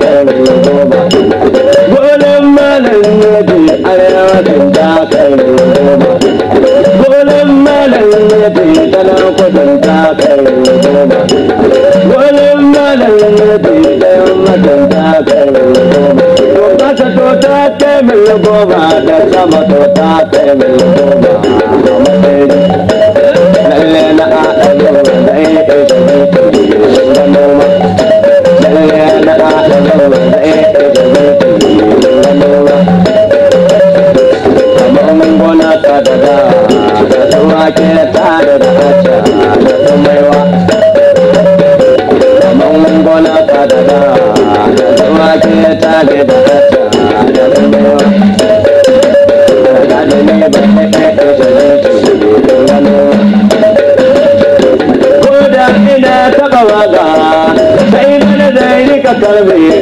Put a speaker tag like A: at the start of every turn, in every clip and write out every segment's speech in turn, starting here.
A: takar roba gonan malam nabi arewa kan takar roba gonan malam nabi tana kudin takar roba gonan malam nabi dan matan takar roba to kasa to ta
B: taimil goma da sama to ta taimil goma lalle na a ɗaga wanda ya
C: wake tare da hacca da zumaiwa kaman gona kadada da zumake tare da hacca da zumaiwa da ne ba ne
A: ɗaya da gano ko da ina taɓa waga sai mana zai rika karbe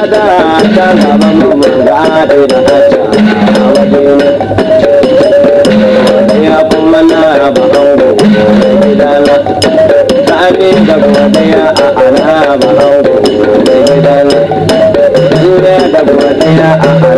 B: da ta gaba mu ba da da ta waje ya kuma na raba hango gidana ta ne da gobe ya a ana ba hango gidana
C: da gobe ya a